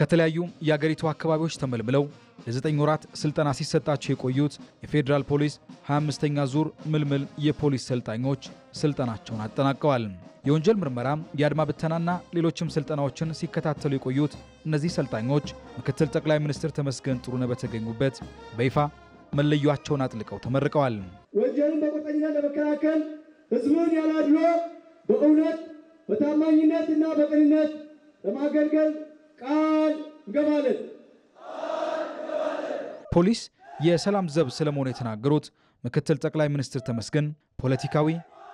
ከተለያዩ የአገሪቱ አካባቢዎች ተመልምለው ለዘጠኝ ወራት ስልጠና ሲሰጣቸው የቆዩት የፌዴራል ፖሊስ 25ኛ ዙር ምልምል የፖሊስ ሰልጣኞች ስልጠናቸውን አጠናቀዋል። የወንጀል ምርመራ፣ የአድማ ብተናና ሌሎችም ስልጠናዎችን ሲከታተሉ የቆዩት እነዚህ ሰልጣኞች ምክትል ጠቅላይ ሚኒስትር ተመስገን ጥሩነህ በተገኙበት በይፋ መለያቸውን አጥልቀው ተመርቀዋል። ወንጀልን በቁርጠኝነት ለመከላከል ህዝቡን ያላድሎ በእውነት እና በቅንነት ለማገልገል ቃል እንገባለን። ፖሊስ የሰላም ዘብ ስለመሆኑ የተናገሩት ምክትል ጠቅላይ ሚኒስትር ተመስገን ፖለቲካዊ፣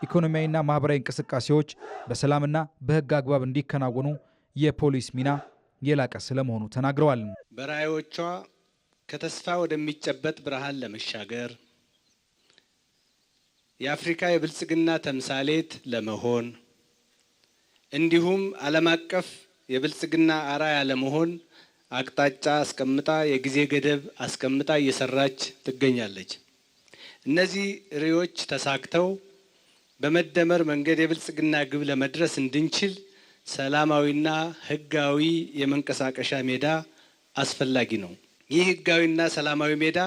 ኢኮኖሚያዊና ማህበራዊ እንቅስቃሴዎች በሰላምና በህግ አግባብ እንዲከናወኑ የፖሊስ ሚና የላቀ ስለመሆኑ ተናግረዋል። በራዕዮቿ ከተስፋ ወደሚጨበጥ ብርሃን ለመሻገር የአፍሪካ የብልጽግና ተምሳሌት ለመሆን እንዲሁም ዓለም አቀፍ የብልጽግና አርአያ ለመሆን አቅጣጫ አስቀምጣ የጊዜ ገደብ አስቀምጣ እየሰራች ትገኛለች። እነዚህ ርዕዮች ተሳክተው በመደመር መንገድ የብልጽግና ግብ ለመድረስ እንድንችል ሰላማዊና ህጋዊ የመንቀሳቀሻ ሜዳ አስፈላጊ ነው። ይህ ህጋዊና ሰላማዊ ሜዳ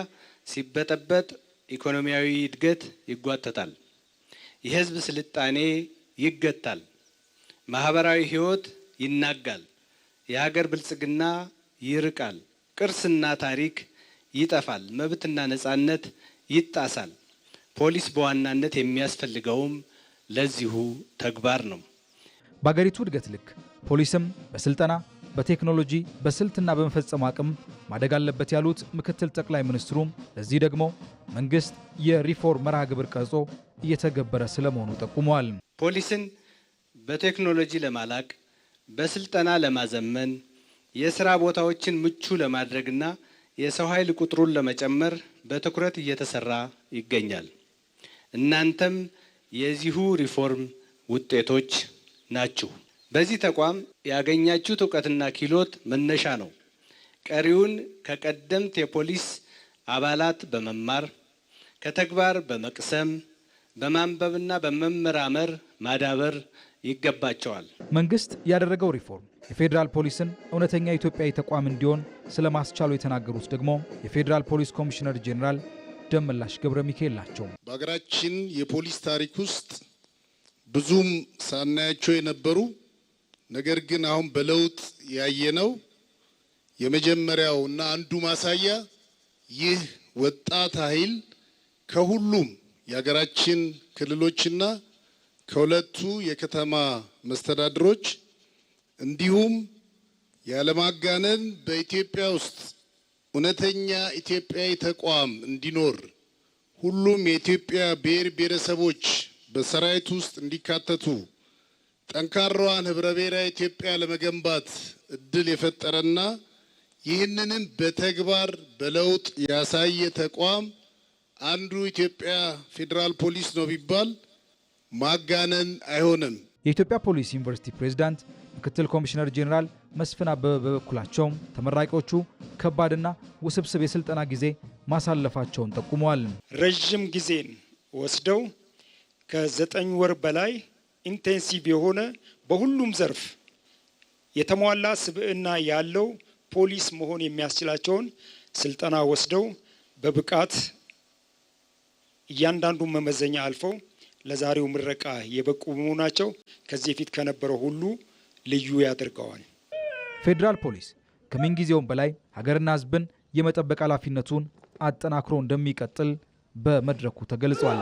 ሲበጠበጥ ኢኮኖሚያዊ እድገት ይጓተታል፣ የህዝብ ስልጣኔ ይገታል፣ ማህበራዊ ሕይወት ይናጋል። የሀገር ብልጽግና ይርቃል። ቅርስና ታሪክ ይጠፋል። መብትና ነጻነት ይጣሳል። ፖሊስ በዋናነት የሚያስፈልገውም ለዚሁ ተግባር ነው። በአገሪቱ እድገት ልክ ፖሊስም በስልጠና በቴክኖሎጂ በስልትና በመፈጸም አቅም ማደግ አለበት ያሉት ምክትል ጠቅላይ ሚኒስትሩም ለዚህ ደግሞ መንግስት የሪፎርም መርሃ ግብር ቀርጾ እየተገበረ ስለመሆኑ ጠቁመዋል። ፖሊስን በቴክኖሎጂ ለማላቅ በስልጠና ለማዘመን የስራ ቦታዎችን ምቹ ለማድረግና የሰው ኃይል ቁጥሩን ለመጨመር በትኩረት እየተሰራ ይገኛል። እናንተም የዚሁ ሪፎርም ውጤቶች ናችሁ። በዚህ ተቋም ያገኛችሁት እውቀትና ክህሎት መነሻ ነው። ቀሪውን ከቀደምት የፖሊስ አባላት በመማር ከተግባር በመቅሰም በማንበብና በመመራመር ማዳበር ይገባቸዋል። መንግስት ያደረገው ሪፎርም የፌዴራል ፖሊስን እውነተኛ ኢትዮጵያዊ ተቋም እንዲሆን ስለማስቻሉ የተናገሩት ደግሞ የፌዴራል ፖሊስ ኮሚሽነር ጄኔራል ደመላሽ ገብረ ሚካኤል ናቸው። በሀገራችን የፖሊስ ታሪክ ውስጥ ብዙም ሳናያቸው የነበሩ ነገር ግን አሁን በለውጥ ያየነው የመጀመሪያው እና አንዱ ማሳያ ይህ ወጣት ኃይል ከሁሉም የሀገራችን ክልሎችና ከሁለቱ የከተማ መስተዳድሮች እንዲሁም ያለማጋነን በኢትዮጵያ ውስጥ እውነተኛ ኢትዮጵያዊ ተቋም እንዲኖር ሁሉም የኢትዮጵያ ብሔር ብሔረሰቦች በሰራዊት ውስጥ እንዲካተቱ ጠንካራዋን ህብረ ብሔራዊ ኢትዮጵያ ለመገንባት እድል የፈጠረና ይህንንም በተግባር በለውጥ ያሳየ ተቋም አንዱ ኢትዮጵያ ፌዴራል ፖሊስ ነው ቢባል ማጋነን አይሆንም። የኢትዮጵያ ፖሊስ ዩኒቨርሲቲ ፕሬዝዳንት ምክትል ኮሚሽነር ጄኔራል መስፍን አበበ በበኩላቸውም ተመራቂዎቹ ከባድና ውስብስብ የስልጠና ጊዜ ማሳለፋቸውን ጠቁመዋል። ረዥም ጊዜን ወስደው ከዘጠኝ ወር በላይ ኢንቴንሲቭ የሆነ በሁሉም ዘርፍ የተሟላ ስብዕና ያለው ፖሊስ መሆን የሚያስችላቸውን ስልጠና ወስደው በብቃት እያንዳንዱን መመዘኛ አልፈው ለዛሬው ምረቃ የበቁ መሆናቸው ከዚህ በፊት ከነበረው ሁሉ ልዩ ያደርገዋል። ፌዴራል ፖሊስ ከምንጊዜውም በላይ ሀገርና ሕዝብን የመጠበቅ ኃላፊነቱን አጠናክሮ እንደሚቀጥል በመድረኩ ተገልጿል።